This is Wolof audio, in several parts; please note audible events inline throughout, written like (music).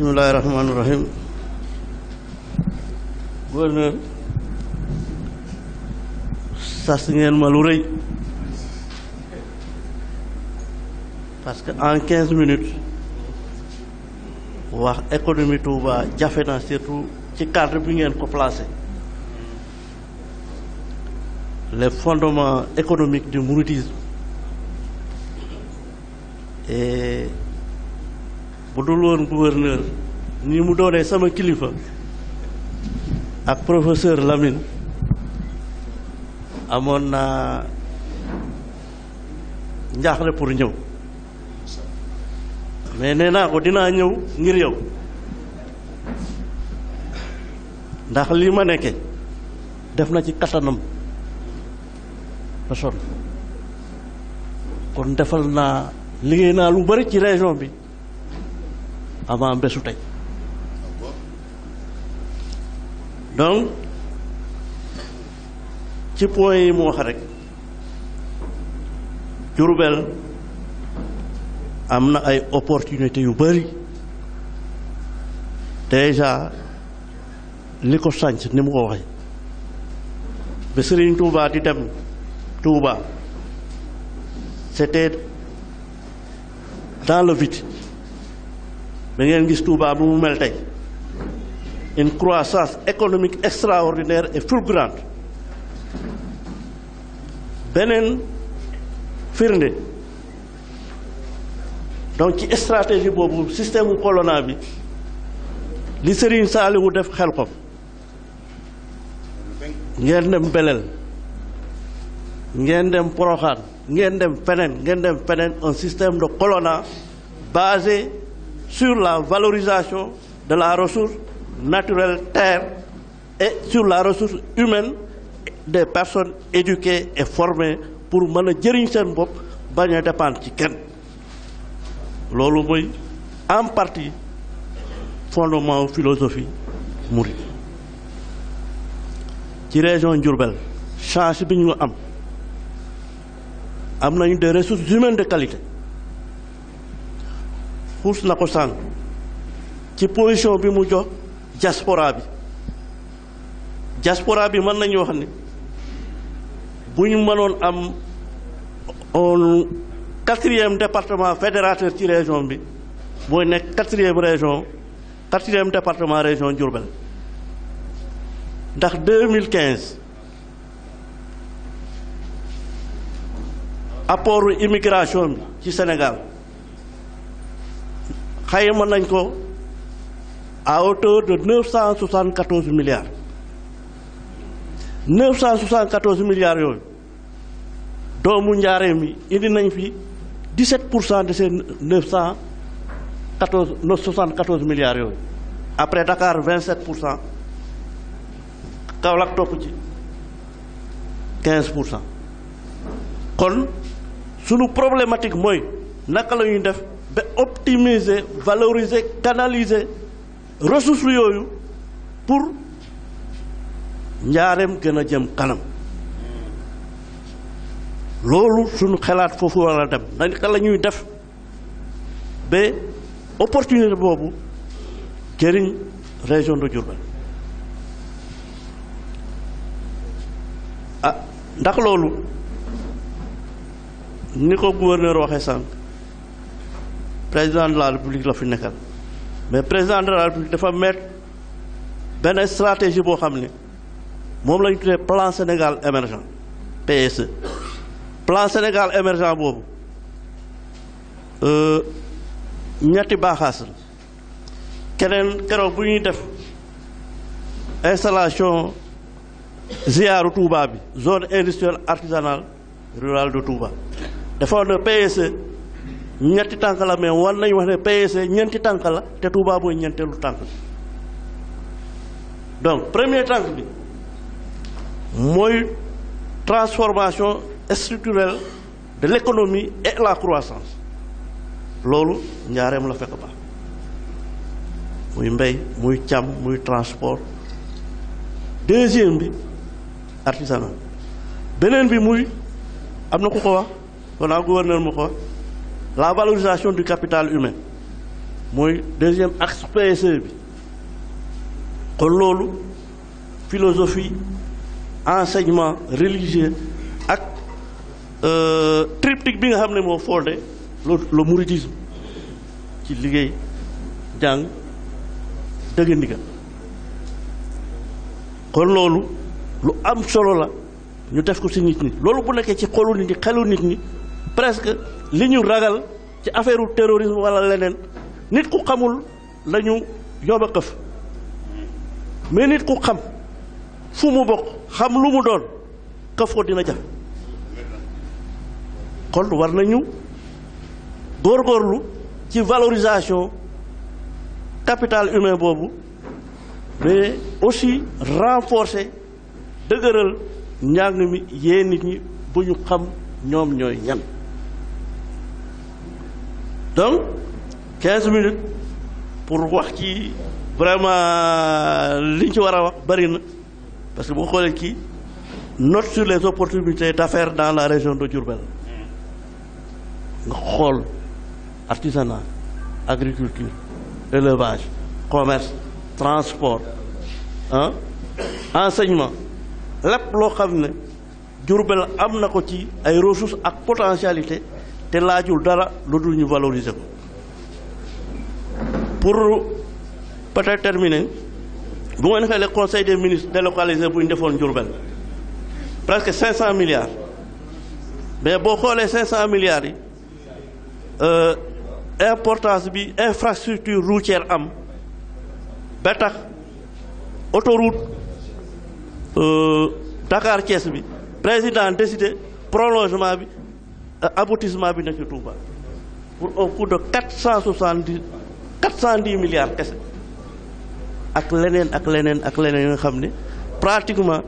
bismillahi rahmaani rahim gouverneur sas ngeen ma lu rëy parce que en quinze minutes wax économie Touba jafe na surtout ci cadre bi ngeen ko placé les fondements économiques du mouridisme et bu dul woon gouverneur ni mu doonee sama kilifa ak professeur Lamine amoon naa njaaxle pour ñëw mais nee naa ko dinaa ñëw ngir yow ndax lii ma nekke def na ci kattanam personne kon defal naa liggéey naa lu bari ci région bi avant bésu tey donc ci point yi mu wax rek Diourbel am na ay opportunité yu bari déjà li ko sànc ni mu ko waxee ba Serigne Touba di dem Touba c'était dans le vide da ngeen gis Touba bu mu mel tey une croissance économique extraordinaire et fulgurante beneen firnde donc ci stratégie boobu système mu colonna bi li Serigne wu def xel ko ngeen dem Belel ngeen dem Porokhane ngeen dem feneen ngeen dem feneen un système de colonna basé. sur la valorisation de la ressource naturelle terre et sur la ressource humaine des personnes éduquées et formées pour mën a jëriñ seen bopp bañ a dépendre ci kenn loolu mooy en partie fondement philosophie mouride ci région Diourbel chance bi ñu am am nañu des ressources humaines de qualité xuus na ko sànq ci position bi mu jox diaspora bi diaspora bi mën nañu wax ni bu ñu mënoon am on quatrième département fédérateur ci région bi mooy nekk quatrième région quatrième département région Diourbel ndax 2015 apportu immigration bi ci Sénégal xayma nañ ko à hauteur de neuf cent soixante quatorze milliards neuf cent soixante quatorze milliards yooyu indi nañ fi dix sept pour cent de ces neuf cent quatorze après Dakar vingt sept pour cent Kaolack topp ci quinze pour cent kon sunu problématique mooy naka la ñuy def. ba optimiser valoriser canaliser ressources yooyu pour njaareem gën a jëm kanam loolu suñu xalaat foofu war dem naka la ñuy def ba opportunité boobu jëriñ région de Diourbel ah ndax loolu ni ko gouverneur waxee sànq président de la république la fi nekkal mais président de la république dafa mettre benn stratégie boo xam ne moom la ñu tuddee plan Sénégal émergent PSE plan Sénégal émergent boobu euh, ñetti baaxaas la keneen keroog bu ñuy def installation ziaru Touba bi zone industrielle artisanale rurale de Touba dafa woon ne PSE ñetti tànk la mais war nañu wax ne PSE ñeenti tànk la te Touba mooy ñeenteelu tànk bi donc premier tànk bi mooy transformation structurelle de l'économie et la croissance loolu ñaareem la fekk ba muy mbéy muy càmm muy transport deuxième bi artisanat beneen bi muy am na ku ko wax wala gouverneur mu ko wax la valorisation du capital humain mooy deuxième axe PSE bi kon loolu philosophie enseignement religieux ak euh, triptyque bi nga xam ne moo fondé le le mouridisme ci liggéey jàng dëgg ndigal kon loolu lu am solo la ñu def ko ci nit ñi loolu bu nekkee ci xolu nit ñi xelu nit ñi presque li ñu ragal ci affaire terrorisme wala leneen nit ku xamul lañu yóbba këf mais nit ku xam fu mu bokk xam lu mu doon këf ko dina jafe kon war nañu góorgóorlu ci valorisation capital humain boobu mais aussi renforcer dëgëral njàng mi yee nit ñi bu ñu xam ñoom ñooy ñan donc quinze minutes pour wax ci vraiment li ñu ci war a wax bëri na parce que boo xoolee kii note sur les opportunités d'affaires dans la région de Diourbel nga xool artisanat agriculture élevage commerce transport ah enseignement lépp loo xam ne Diourbel am na ko ci ay ressources ak potentialité te laajul dara lu dul ñu valoriser ko pour peut-être terminer bu ma defee le conseil des ministres délocalisé bu ñu defoon Diourbel presque cent milliards mais boo xoolee cinq cent milliards yi euh, importance bi infrastructure routière am ba tax autoroute euh, Dakar Thiès bi président décidé prolongement bi. Euh, aboutissement bi nag nekk Touba pour un coût de quatre cent soixante dix quatre cent dix milliards kese ak leneen ak leneen ak leneen yoo xam ne pratiquement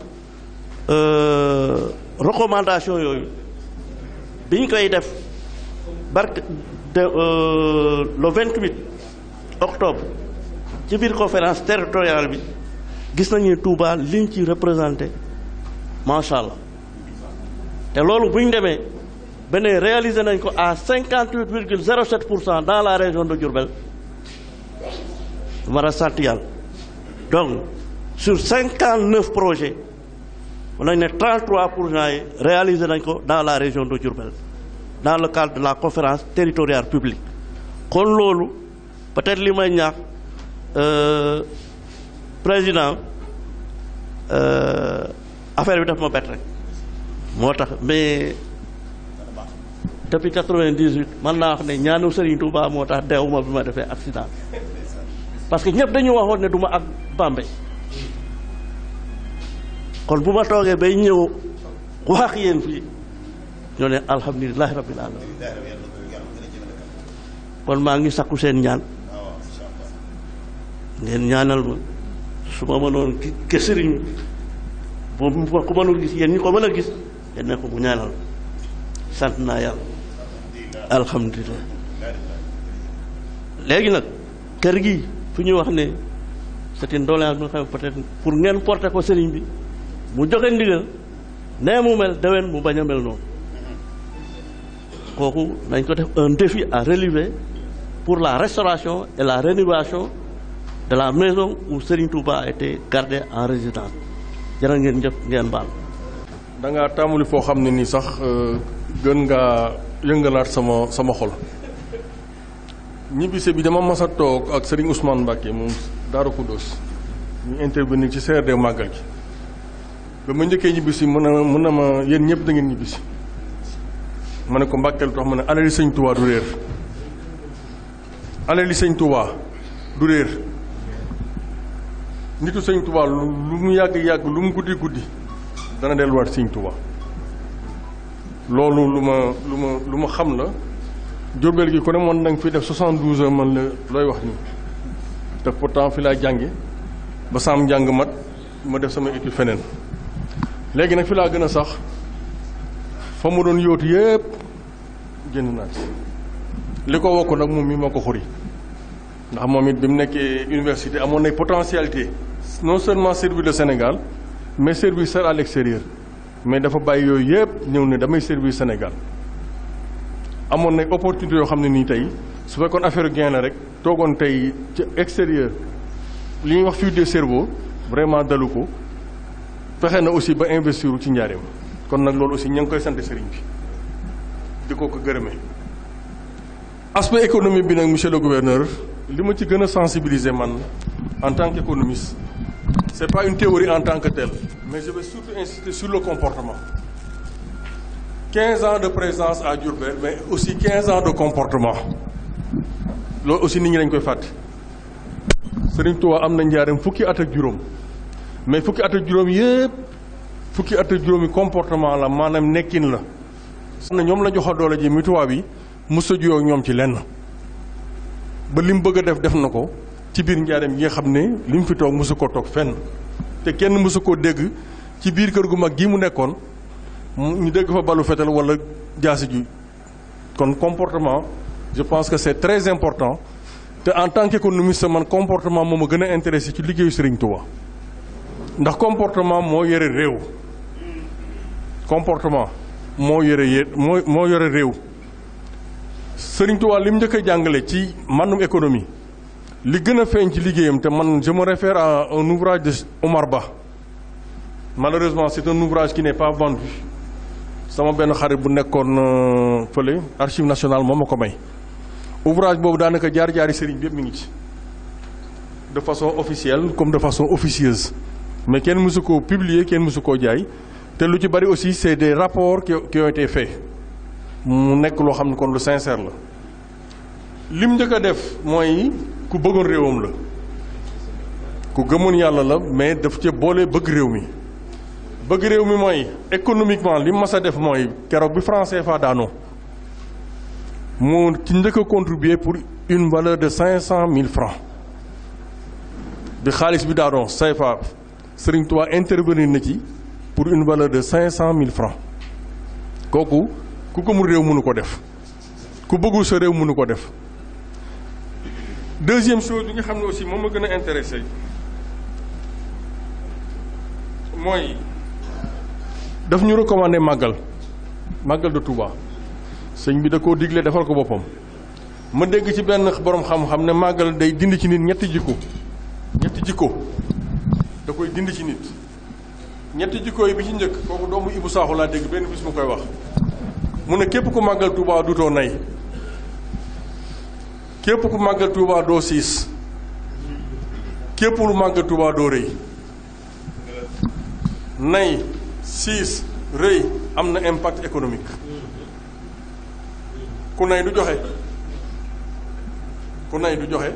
euh, recommandation yooyu biñ koy def barke de euh, le vingt huit octobre ci biir conférence territoriale bi gis nañu Touba liñ ci représenté macha allah te loolu buñ demee. beneen réaliser nañ ko à cinquante huit virgule zéro sept pour cent dans la région de Diourbel war a sant yàlla donc sur cinquante neuf projets nañ ne trente trois pour cent yi réalisé nañ ko dans la région de Diourbel dans le cadre de la conférence territoriale publique kon loolu peut-être li may ñaax euh, président euh, affaire bi daf ma bett rek moo tax mais. depuis quatre-vingt-dix-huit mën naa wax ne ñaanu Serigne Touba moo tax deewuma bi ma defee accident parce que ñëpp dañu waxoon ne du ma ak Bambey kon bu ma toogee bay ñëw wax yéen fii ñoo ne alhamdulilahi rabbil alamin kon maa ngi sakku seen ñaan ngeen ñaanal ma su ma mënoon ke sëriñ bi moom ku mënul gis yéen ñi ko mën a gis yéen ne ko mu ñaanal sant naa yàlla alhamdulilah léegi nag kër gi fu ñuy wax ne c'est une doléance bi nga xam pour ngeen porter ko sëriñ bi mu joxe ndigal nee mu mel dewen mu bañ a mel noonu kooku nañ ko def un defi à relever pour la restauration et la rénovation de la maison où Serigne Touba a été gardé en résidence jërë ngeen jëf ngeen baal. da nga foo xam ne nii sax euh, gën nga yëngalaat sama sama xol ñibbise bi dama mas a toog ak Serigne Ousmane Mbacke moom Daaru Kudos ñu intervenir ci CRD màggal gi ba ma njëkkee ñibbisi mën a mën na ma yéen ñëpp da ngeen ñibbisi ma ne ko mbàkkeel tax ma ne alali sëñ Touba du réer alali sëñ Touba du réer nitu sëñ Touba lu mu yàgg yàgg lu mu guddi guddi dana delluwaat sëñ Touba loolu lu ma lu ma lu ma xam la Diourbel gi ku ne man danga fi def 72 heures man la looy wax nii te pourtant fi laa jànge ba saam njàng mat ma def sama étude feneen léegi nag fi laa gën a sax fa mu doon yóotu yépp génn naa ci li ko wokk nag moom mi moo ko xuri ndax moom it bi mu nekkee université amoon nay potentialité non seulement servir le Sénégal mais servir à l'extérieur mais dafa bàyyi yooyu yëpp ñëw ne damay service Sénégal amoon na opportunité yoo xam ne nii tey su fekkoon affaire gain la rek toogoon tey ci extérieur li ñu wax fuite de cerveau vraiment dalu ko fexe na aussi ba investir ci njaareem kon nag loolu aussi ña ngi koy sant sëriñ bi di ko ko gërëmee. aspect économie bi nag monsieur le gouverneur li ma ci gën a sensibiliser man en tant qu'économiste c'est pas une théorie en tant que tell mais je vais comportement. 15 ans de présence à Diourbel mais aussi 15 ans de comportement loolu aussi nit ñi dañ koy fàtte Serigne Touba am na njaareem fukki at ak juróom mais fukki at ak juróom yëpp fukki at ak juróomi comportement la maanaam nekkin la. sax na ñoom la jox doole ji mi bi yi mos a ñoom ci lenn ba li mu bëgg a def def na ko ci biir njaareem yi nga xam ne li mu fi toog mosu ko toog fenn. te kenn mësu koo dégg ci biir kër gu mag gi mu nekkoon ñu dégg fa balu fetal wala jaasi ju kon comportement je pense que c'est très important te en tant que sa man comportement moom a gën a intéressé ci liggéeyu Serigne Touba ndax comportement moo yore réew comportement moo yore yé moo moo yore réew Serigne Touba li mu njëkk a jàngale ci mànnum économie li gën a feeñ ci liggéeyam te man je me réfère à un ouvrage de Omar Ba malheureusement c'est un ouvrage qui ne pas vendu sama benn xarit bu nekkoon euh, fële archive nationale moom a ko may ouvrage boobu daanaka jaar-jaari sëriñ bi yëpp mi ngi ci de façon officielle comme de façon officieuse mais kenn mësu ko publier kenn mësu koo jaay te lu ci bari aussi c'est des rapports qui ont été faits mu nekk loo xam ne kon lu sincère la lim njëkk a def mooy ku bëggoon réewam la ku gëmoon yàlla la mais daf ca boole bëgg réew mi bëgg réew mi mooy économiquement li mas a def mooy keroog bi franc CFA daanoo mu ci njëkk a contribuer pour une valeur de cinq cent mille francs bi xaalis bi daanoo CFA Serigne Touba intervenir na ci pour une valeur de cinq cent mille francs kooku ku gëmul réew mënu ko def ku bëggul sa réew mënu ko def deuxième chose bi nga xam ne aussi moom ma gën a intéressé mooy daf ñu recommandé màggal màggal de Touba sëñ bi da koo digle defal ko boppam ma dégg ci benn boroom xam-xam ne màggal day dindi ci nit ñetti jikko ñetti jikko da koy dindi ci nit ñetti jikko yi bi ci njëkk kooku doomu Ibou Saaxu laa dégg benn bis mu koy wax mu ne képp ku màggal Touba dutoo nay képp ku màggal Touba doo siis képp lu màggal Touba doo rëy nay siis rëy am na impact économique ku nay du joxe ku nay du joxe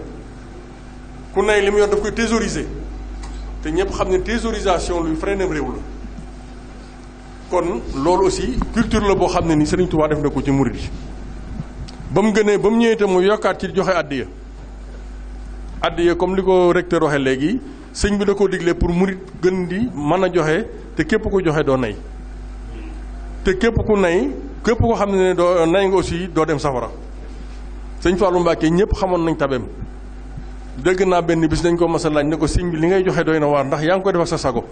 ku nay li mu yor daf koy thésauriser te ñëpp xam ne thésaurisation luy freinem réew la kon loolu aussi culture la boo xam ne ni Serigne Touba def na ko ci murid yi ba mu gënee ba mu ñëwee itam mu yokkaat ci joxe addiya addiya comme li ko recteur waxee léegi sëñ bi da koo digle pour murit gën di mën a joxe te képp ku joxe doo nay te képp ku nay képp koo xam ne doo nay nga aussi doo dem safara sëñ Fallou Mbacké ñëpp xamoon nañ tabeem dégg naa benn bis dañ koo mas a ne ko sëñ bi li ngay joxe doy na waar ndax yaa ngi ko def ak sa sago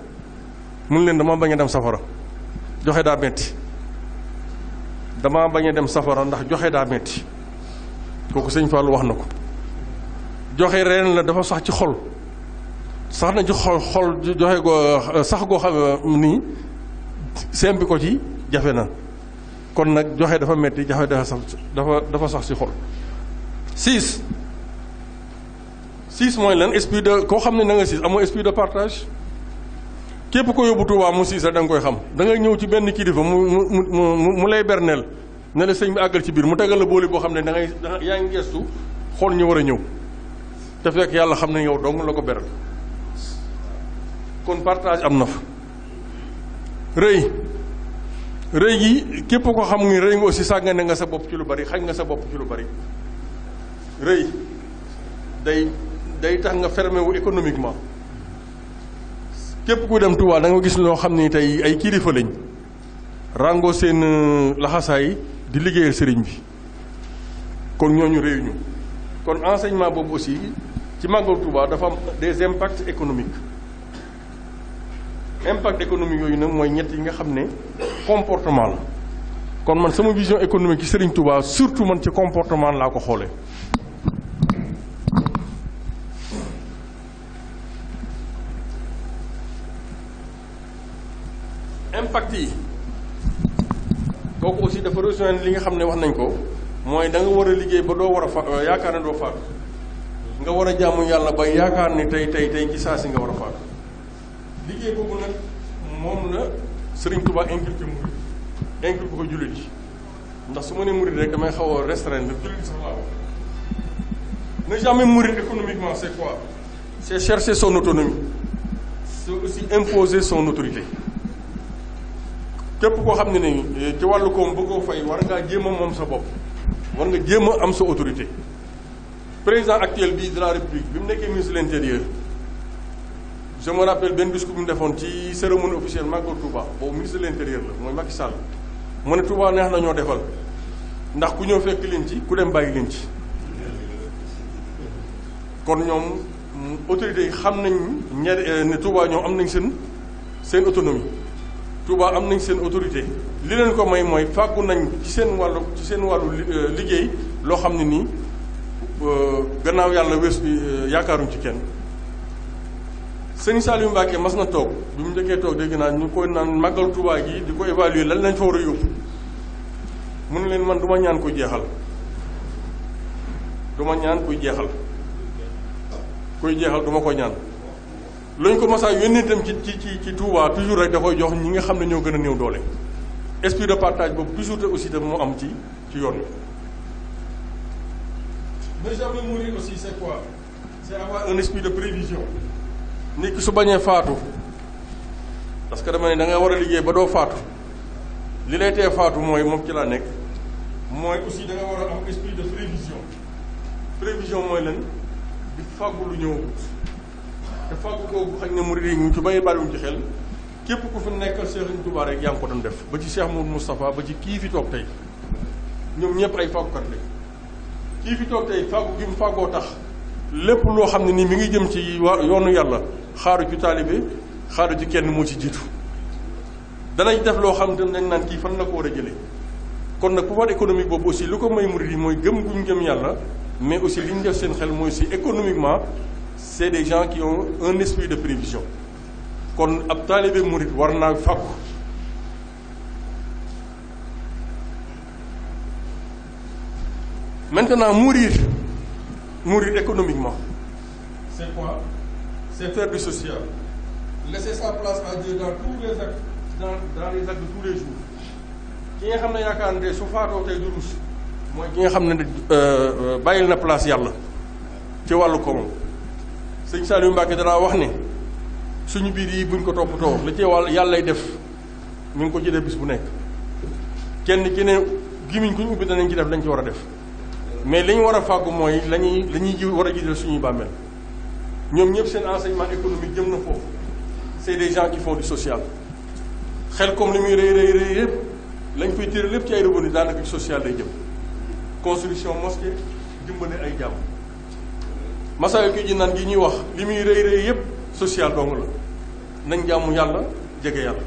mun leen dama bañ a dem safara joxe daa metti dama bañ dem safara ndax joxe daa metti kooku sëñ Fallou wax na ko joxe reen la dafa sax ci xol sax na ci xol xol joxe goo sax goo xam ni sembi ko jafe na kon nag joxe dafa metti jafe dafa sax dafa dafa sax ci xol six six mooy lan esprit de koo xam ne na nga siis amoo esprit de partage képp ko yóbbu Tuubaa mu siis da nga koy xam da nga ñëw ci benn kilifa mu mu mu mu lay berneel ne sëñ bi àggal ci biir mu tegal la booli boo xam ne da ngay yaa ngi gestu xool ñu war a ñëw te fekk yàlla xam ne yow dong la ko beral kon partage am na fa rëy rëy gi képp ko xam nga rëy nga aussi sàggane nga sa bopp ci lu bari xañ nga sa bopp ci lu bari rëy day day tax nga fermé wu économiquement képp ku dem Tuubaa da nga gis loo xam ni tey ay kilifa lañ ràngoo seen euh, laxasaay di liggéeyal sëriñ bi kon ñooñu réunion kon enseignement boobu aussi ci màggal Tuuba dafa am des impacts économiques impact économiques yooyu nag mooy ñett yi nga xam ne comportement la kon man sama vision économique ci Serigne Touba surtout man ci comportement laa ko xoolee. impact yi. kooku aussi dafa rejoindre li nga xam ne wax nañ ko mooy danga war a liggéey ba doo war a fa euh, yaakaar ne doo faatu nga war a jàmm yàlla ba yaakaar ni tey tey tey ci saa si nga war a faatu liggéey boobu nag moom la Sëriñ Tuubaa inculqué murid inculqué ko jullit ji ndax su ma nee murid rek damay xaw a restreindre jullit sax laa ne jamais mourir économiquement c'est quoi c'est chercher son autonomie c'est aussi imposer son autorité képp koo xam ne ni eh, ci wàllu koom bëgg ko fay war ngaa jéem a moom sa bopp war nga jéem a am sa autorité président actuel bii de la république bi mu nekkee ministre leen l'intérieur je me rappelle benn discours bi mu defoon ci cérémonie officielle Magal Touba boobu ministre de l'intérieur la mooy Macky Sall mu ne Touba neex na ñoo defal ndax ku ñëw fekk leen ci ku dem bàyyi leen ci kon ñoom autorités yi xam nañ ñe eh, ne Touba ñoom am nañ seen seen autonomie Touba am nañ seen autorité li leen ko may mooy fàggu nañ ci seen wàllu ci seen wàllu euh, liggéey loo xam ne nii euh, gannaaw yàlla wees euh, yaakaaruñ ci kenn sëñ Saliou Mbacke mas na toog bi mu njëkkee toog dégg naa ñu koy naan màggal Touba gi di ko évaluer lan lañ fa war a yóbbu mu ne leen man duma ñaan ko jeexal du ñaan kuy jeexal kuy jeexal duma ko ñaan luñ ko mos a yónnee itam ci ci ci ci Touba toujours rek da koy jox ñi nga xam ne ñoo gën a néew doole esprit de partage boobu toujours te aussi itam moo am ci ci yoon wi. ne jamais mourir aussi c'est quoi c'est su bañee faatu parce que dama ne da nga war a liggéey ba doo faatu li lay tee faatu mooy moom ci laa nekk mooy aussi da nga war am esprit de prévision prévision mooy lan di fàggu lu ñëw. te fàggu googu xëy na murid yi ñu ci bay bàyyiwuñ ci xel képp ku fi nekkal Serigne Touba rek yaa ngi ko doon def ba ci Cheikh Mouhamadou Moustapha ba ci kii fi toog ñoom ñëpp ay fàggukat fi toog tey fàggu mu fàggoo tax lépp loo xam ne nii mi ngi jëm ci yoonu yàlla xaaru ci taalibe xaaru ci kenn moo ci jiitu danañ def loo xam ne dañ naan kii fan la ko war a jële kon nag pouvoir économique boobu aussi lu ko may murid yi mooy gëm guñ gëm yàlla mais aussi li ñu def seen xel mooy si économiquement c'est des gens qui ont un esprit de prévision kon ab taalibe murit war naa fàkku maintenant mourir mourir économiquement c'est quoi c'est faire du social laisser sa place à Dieu dans tous les actes dans dans les actes de tous les jours ki nga xam ne yaakaar ne su faatoo tey du mooy ki nga xam ne euh, euh, bàyyil na place yàlla ci wàllu koomam sëñ Saliou Mbacke danaa wax ne suñu biir yi buñ ko toppatoo la ci wàll yàllay def ñu ngi ko ci def bis bu nekk kenn ki ne gimiñ kuñ ubbi danañ ci def lañ ci war a def mais li ñu war a fàggu mooy la ñuy la ñuy war a jiital suñuy bàmmeel ñoom ñëpp seen enseignement économie jëm na foofu c'est des gens qui font du social xel comme li muy rëy rëy rëy lañ fay tëral lépp ci ay revenu daanaka social lay jëm construction mosquée dimbale ay jàmm Masaalikul Jinaan gi ñuy wax li muy rëy rëy yëpp social dong la nañ jàmm yàlla jege yàlla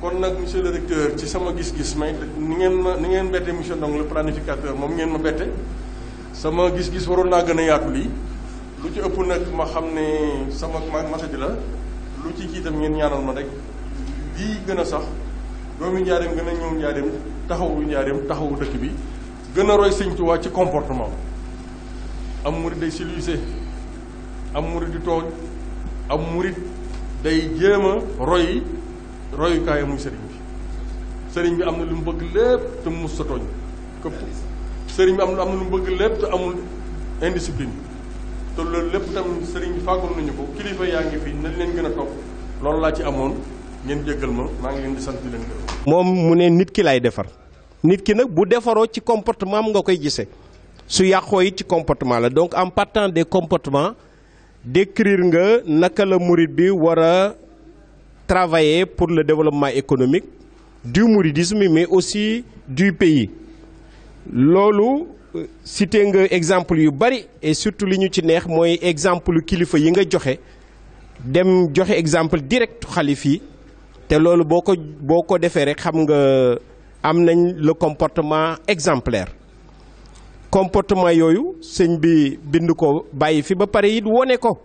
kon nag monsieur le recteur ci sama gis-gis may ni ngeen ma ni ngeen bette monsieur Ndong le planificateur moom ngeen ma bette sama gis-gis waroon naa gën a yaatu lii lu ci ëpp nag ma xam ne sama message la lu ci jiitam ngeen ñaanal ma rek lii gën a sax doomi njaareem gën a ñëw njaareem taxawu njaareem taxawu dëkk bi gën a roy Sëñ Tuubaa ci comportement am murit day civilisé am murit di tooñ am murit day jéem roy royukaay muy sëriñ bi sëriñ bi am na lu mu bëgg lépp te mu mus sa tooñ këpp sëriñ bi am na lu mu bëgg lépp te amul indiscipline te loolu lépp tam sëriñ bi nañu ko kilifa yaa ngi fi na leen gën a topp loolu laa ci amoon ngeen jéggal ma maa ngi leen di sant di leen gërëm moom mu ne nit ki lay defar nit ki nag bu defaroo ci comportement mu nga koy gisee su yàqoo it ci comportement la donc en partant des comportements décrire nga naka la murit bi war a travailler pour le développement économique du mouridisme mais aussi du pays loolu euh, cité nga exemple yu bari et surtout li ñu ci neex mooy exemple kilifa yi nga joxe dem joxe exemple direct xalif yi te loolu boo ko boo ko defee rek xam nga am nañ le comportement exemplaire comportement yooyu sëñ bi bind ko bàyyi fi ba pare it wone ko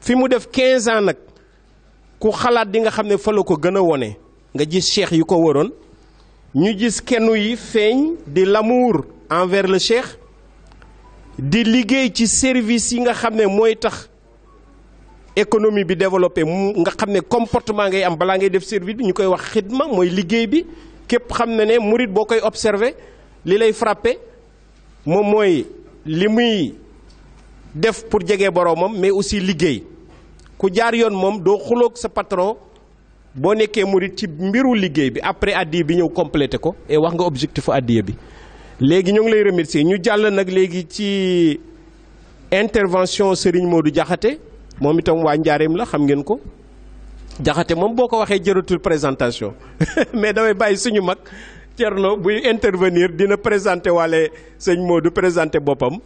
fi mu def 15 ans nag ku xalaat di nga xam ne fa la ko gën a wone nga gis cheikh yi ko waroon ñu gis kenn yi feeñ di l'amour envers le cheikh di liggéey ci service yi nga xam ne mooy tax économie bi développé mu nga xam ne comportement ngay am balaa ngay def service bi ñu koy wax xidma mooy liggéey bi képp xam ne ne murit boo koy observé li lay frappé moom mooy li muy def pour jege boroomam mais aussi liggéey ku jaar yoon moom doo xuloog sa patron boo nekkee murit ci mbiru liggéey bi après addiya bi ñëw complété ko et wax nga objectif addiya bi léegi ñoo ngi lay remercier ñu jàll nag léegi ci intervention Serigne du Diakhaté moom itam waa njaareem la xam ngeen ko jaxate moom boo ko waxee jëratul présentation (laughs) mais damay bàyyi suñu mag Thierno buy intervenir dina présenté waale sëñ Modou présenté boppam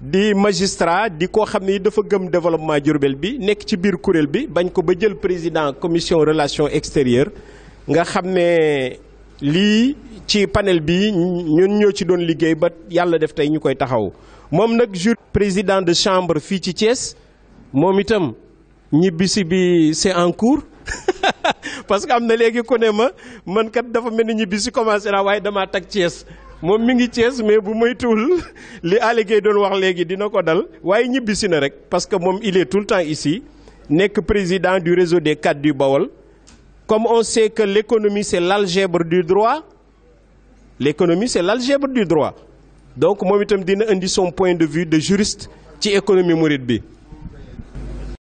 di magistrat di koo xam ni dafa gëm développement Diourbel bi nekk ci biir kuréel bi bañ ko ba jël président commission relation extérieures nga xam ne lii ci panel bi ñun ñoo ci doon liggéey ba yàlla def tey ñu koy taxaw moom nag jur président de chambre fii ci Thiès moom itam ñibbisi bi c'est en cours (laughs) parce que am na léegi kone ma man kat dafa mel ni ñibbi si commencé naa waaye dama tag Thiès moom mi ngi Thiès mais bu moytuwul (laughs) li Aly doon wax léegi dina ko dal waaye ñibbisi si na rek parce que moom il est le temps ici nekk président du réseau des cadres du Bawol comme on sait que l'économie c'est l'algèbre du droit l'économie c'est l'algèbre du droit donc moom itam dina indi son point de vue de juriste ci économie mouride bi